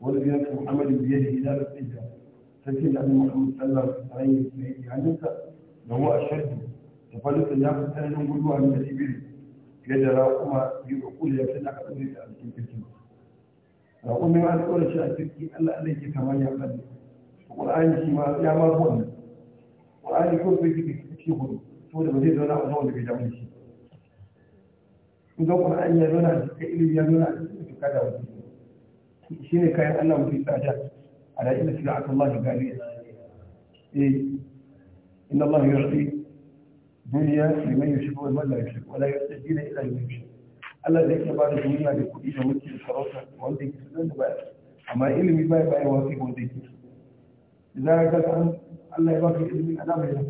wal bi yaki muhammad bi yadi ila rabbika sai da annabi muhammad sallallahu alaihi wa sallam ya yi da mu ashadu ta faɗa ta ya fita nan gudu an da ibiri ya dara kuma bi ko kullu ya fita ka da alkin kirki ra'umma al-qur'an a cikin Allah Allah yake kamar ya ƙur'ani shi ma ya ma zuwan nan ƙur'ani ko sai ki ki gudu saboda ba zai zauna a zaman da bai shi in ga ƙur'ani ya zauna a cikin ilimi ya zauna a cikin tuka da wani shi ne kayan Allah mutum tsada a da ina shiga akan Allah gari eh inna Allah ya rafi duniya liman yushrik wal man la yushrik wala yastajib ila yushrik Allah zai iya bada duniya da kuɗi da mulki da sarauta wanda yake sunan da baya amma ilimi baya baya wasu wanda yake لذلك الآن الله يبارك في من ادم إلى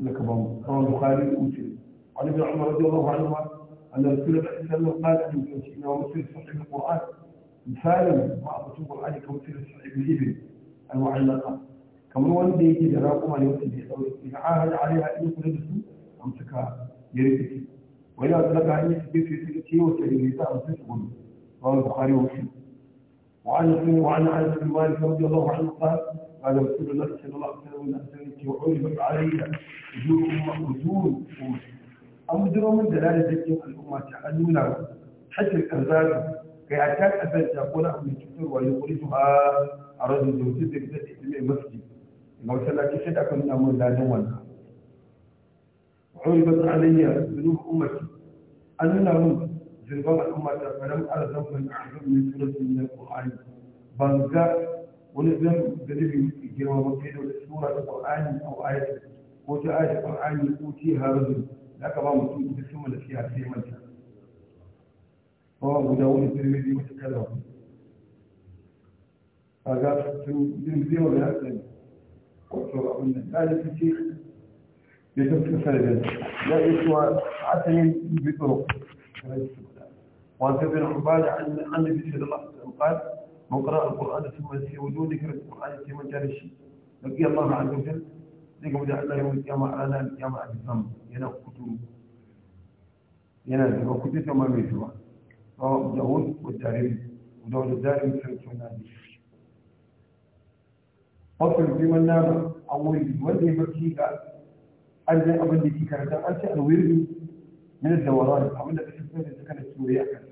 لك بام رواه البخاري ومسلم قال ابن عمر رضي الله عنهما أن رسول الله صلى الله عليه وسلم قال أن يمكن ومسير صحيح القرآن مثالا مع رسول القرآن كمسير صحيح الإبل المعلقة كم هو الذي يجي يراكم أن يوتي إذا عاهد عليها أن يكون لبسه أمسكها يريدك وإذا أطلقها أن يكون في سلكه وتجريدها أمسكه رواه البخاري ومسلم وعن وعن انس بن مالك رضي الله عنه قال قال رسول الله صلى الله عليه وسلم احسنت وعرضت علي وجوه وجوه an bujiro min da lalata al'umma ta an nuna wa hashin kanzari ga ya ta kasanta ko na abin cutarwa ya kuri su a rajin da wuce zai zai ita mai masji ga wasu ba nuna zirgon al'umma ta faran arzan ban arzan mai suratun na ƙwa'ani ba ga wani zan galibi girma ba kai da wata sura ta ƙwa'ani a ayatu ko ta ayatu ƙwa'ani ko ce harzun da aka ba mutum ita sama da fiya sai manta ba guda wani tirmidhi mata kala ku a ga sun tirmidhi wa ya tsani wato abin da ɗalibi ce يتم في الفرد لا يسوى عسل بطرق وأنت بن عباد عن النبي صلى الله عليه وسلم قال من قرأ القرآن ثم نسي وجود ذكر القرآن في من جال الشيء لقي الله عز وجل بدا جعلنا يوم القيامة على نار القيامة على الذنب ينام كتب ينام وكتب ما ميتوا رواه داود والدارمي وداود الدارمي في السنة فصل في من نام أو ولد ولد يبكي أرجع أبن لكي كرتان أنت الورد من الدوران أبن لكي تسمى لكي كانت سوريا كانت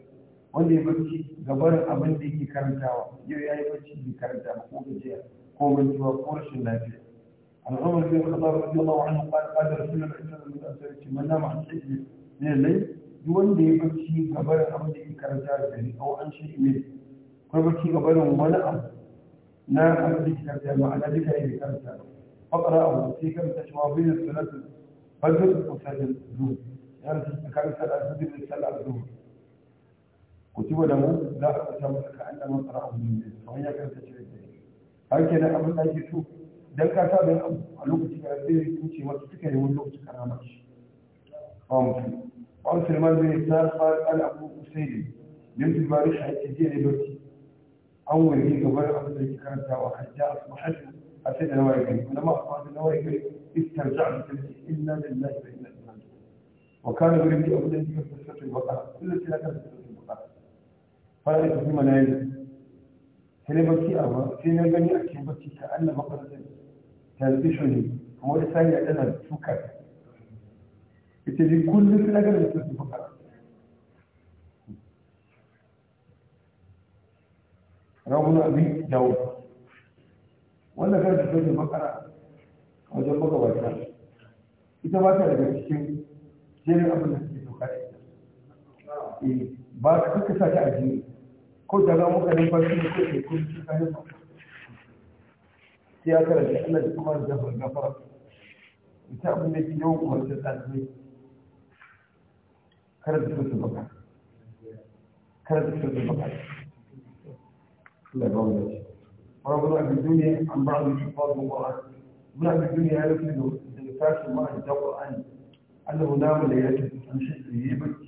wanda ya barci ga barin abin da yake karantawa yau ya yi barci da karanta ba ko gajiya ko mantuwa ko rashin lafiya an wani bin khattab da anhu qala qala da sallallahu a ce man nama an sijil ne lai duk wanda ya barci ga barin abin da yake karanta da gari ko an shi ne ko barci ga barin wani abu na abin da yake karantawa ma'ana duka yake karantawa faqra abu sai karanta shi wa bin salatu fajr wa sajl zuwa, yana karanta da sajl da zuwa. كتب da لا أقسم a kusa من ka annama tsara abu ne kamar ya karanta shi da har ke nan abin da ake so dan ka sa dan abu a lokaci da zai kuce masa suka yi wani سلمان بن إسلام قال أنا أبو أسيد نمت بماريش حيث جيني برتي أول هي قبل أبدا كانت جاء أصبحت أسيد نوايا كريم ولما أصبحت نوايا كريم استرجعت بنتي إنا لله وإنا إليه وكان بريدي أبدا يكفر سورة البقرة كل سنة fara da kuma na yi sai bacci a ba sai na gani a cikin bacci ta allah makarsin talbisho ne kuma wani sani a ɗana tuka ita ji kullum suna ganin su su fuka rawun abin jawo wannan kan tafiya da makara a wajen magabata ita ba ta daga cikin jerin abin da suke doka ita eh, ba su kasa ta ajiye. كنت أبقى مكان يفاسين كنت يكون في كل مكان سياسرة لأن الإقمار جهر جفرة يتأمل في يوم ورسلتات لي كانت تفوت البقع كانت تفوت البقع لا بعض الناس ورغم الله في الدنيا عن بعض الشفاظ مبارك ولا في الدنيا يعرف أنه الفاسر ما يتوقع أنه نام ليلة أنشأ يجيبك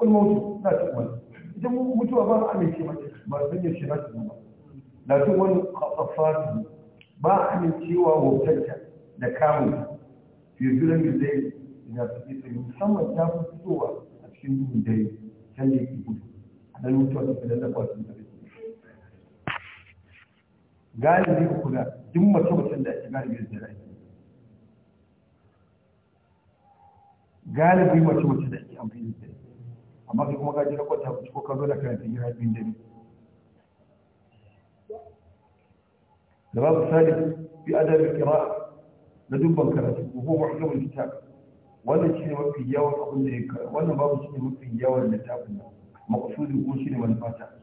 kun mutu na cikin wani idan mutuwa ba a amince mata ba a sanya shi na cikin ba na cikin wani kafafatu ba a amincewa wautanta da kamun fi zuran da zai na cikin tsaye musamman ta fi fitowa a cikin duhun dare can da yake gudu a nan mutuwa da filan lafa sun tafi galibi ku kula duk mace-macen da ake galibi da zai galibi mace-mace da ake amfani da amma kai kuma gaji na kwanta ku ko ka zo da karanta jira da dare da babu sali fi adabin kira na dubban karatu ko ko mu'jamul kitab wannan shine mafi yawan abin da ya wannan babu shine mafi yawan littafin maqsudin ko shine manufata